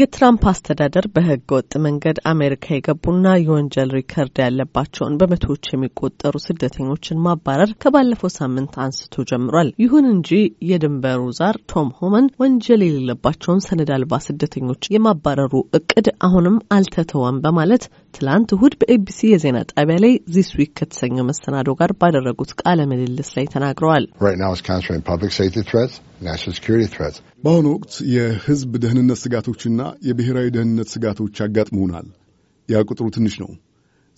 የትራምፕ አስተዳደር በህገ ወጥ መንገድ አሜሪካ የገቡና የወንጀል ሪከርድ ያለባቸውን በመቶዎች የሚቆጠሩ ስደተኞችን ማባረር ከባለፈው ሳምንት አንስቶ ጀምሯል። ይሁን እንጂ የድንበሩ ዛር ቶም ሆመን ወንጀል የሌለባቸውን ሰነድ አልባ ስደተኞች የማባረሩ እቅድ አሁንም አልተተወም በማለት ትላንት እሁድ በኤቢሲ የዜና ጣቢያ ላይ ዚስ ዊክ ከተሰኘው መሰናዶ ጋር ባደረጉት ቃለ ምልልስ ላይ ተናግረዋል። በአሁኑ ወቅት የህዝብ ደህንነት ስጋቶችና የብሔራዊ ደህንነት ስጋቶች አጋጥመውናል። ያ ቁጥሩ ትንሽ ነው።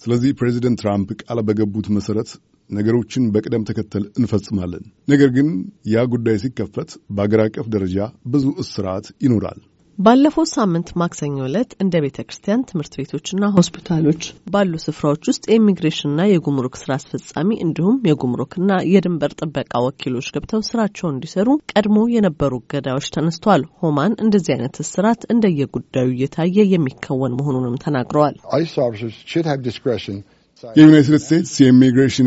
ስለዚህ ፕሬዚደንት ትራምፕ ቃል በገቡት መሠረት ነገሮችን በቅደም ተከተል እንፈጽማለን። ነገር ግን ያ ጉዳይ ሲከፈት በአገር አቀፍ ደረጃ ብዙ እስራት ይኖራል። ባለፈው ሳምንት ማክሰኞ ዕለት እንደ ቤተ ክርስቲያን ትምህርት ቤቶችና ሆስፒታሎች ባሉ ስፍራዎች ውስጥ የኢሚግሬሽንና የጉምሩክ ስራ አስፈጻሚ እንዲሁም የጉምሩክና የድንበር ጥበቃ ወኪሎች ገብተው ስራቸውን እንዲሰሩ ቀድሞ የነበሩ እገዳዎች ተነስተዋል። ሆማን እንደዚህ አይነት እስራት እንደየጉዳዩ እየታየ የሚከወን መሆኑንም ተናግረዋል። የዩናይትድ ስቴትስ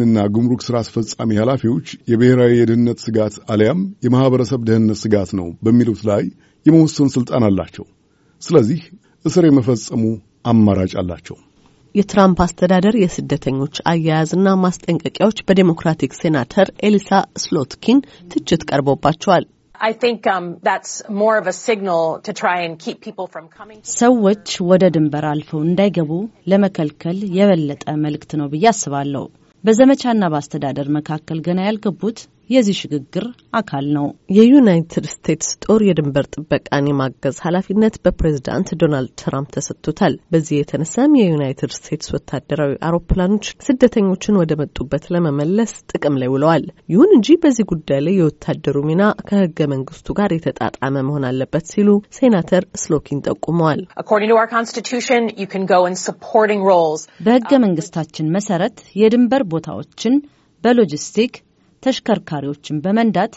እና ጉምሩክ ስራ አስፈጻሚ ኃላፊዎች የብሔራዊ የደህንነት ስጋት አሊያም የማህበረሰብ ደህንነት ስጋት ነው በሚሉት ላይ የመወሰን ስልጣን አላቸው። ስለዚህ እስር የመፈጸሙ አማራጭ አላቸው። የትራምፕ አስተዳደር የስደተኞች አያያዝና ማስጠንቀቂያዎች በዴሞክራቲክ ሴናተር ኤሊሳ ስሎትኪን ትችት ቀርቦባቸዋል። Um, ሰዎች ወደ ድንበር አልፈው እንዳይገቡ ለመከልከል የበለጠ መልእክት ነው ብዬ አስባለሁ። በዘመቻና በአስተዳደር መካከል ገና ያልገቡት የዚህ ሽግግር አካል ነው። የዩናይትድ ስቴትስ ጦር የድንበር ጥበቃን የማገዝ ኃላፊነት በፕሬዝዳንት ዶናልድ ትራምፕ ተሰጥቶታል። በዚህ የተነሳም የዩናይትድ ስቴትስ ወታደራዊ አውሮፕላኖች ስደተኞችን ወደ መጡበት ለመመለስ ጥቅም ላይ ውለዋል። ይሁን እንጂ በዚህ ጉዳይ ላይ የወታደሩ ሚና ከህገ መንግስቱ ጋር የተጣጣመ መሆን አለበት ሲሉ ሴናተር ስሎኪን ጠቁመዋል። በህገ መንግስታችን መሰረት የድንበር ቦታዎችን በሎጂስቲክ ተሽከርካሪዎችን በመንዳት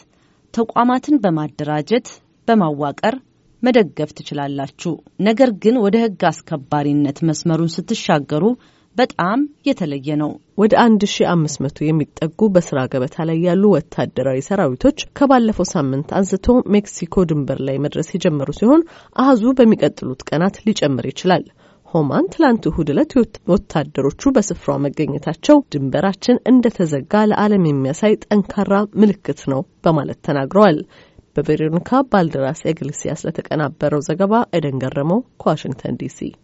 ተቋማትን በማደራጀት በማዋቀር መደገፍ ትችላላችሁ። ነገር ግን ወደ ሕግ አስከባሪነት መስመሩን ስትሻገሩ በጣም የተለየ ነው። ወደ 1500 የሚጠጉ በስራ ገበታ ላይ ያሉ ወታደራዊ ሰራዊቶች ከባለፈው ሳምንት አንስቶ ሜክሲኮ ድንበር ላይ መድረስ የጀመሩ ሲሆን አህዙ በሚቀጥሉት ቀናት ሊጨምር ይችላል። ሆማን ትላንት እሁድ ዕለት ወታደሮቹ በስፍራው መገኘታቸው ድንበራችን እንደተዘጋ ለዓለም የሚያሳይ ጠንካራ ምልክት ነው በማለት ተናግረዋል። በቬሮኒካ ባልደራስ ኤግሊሲያስ ለተቀናበረው ዘገባ ኤደን ገረመው ከዋሽንግተን ዲሲ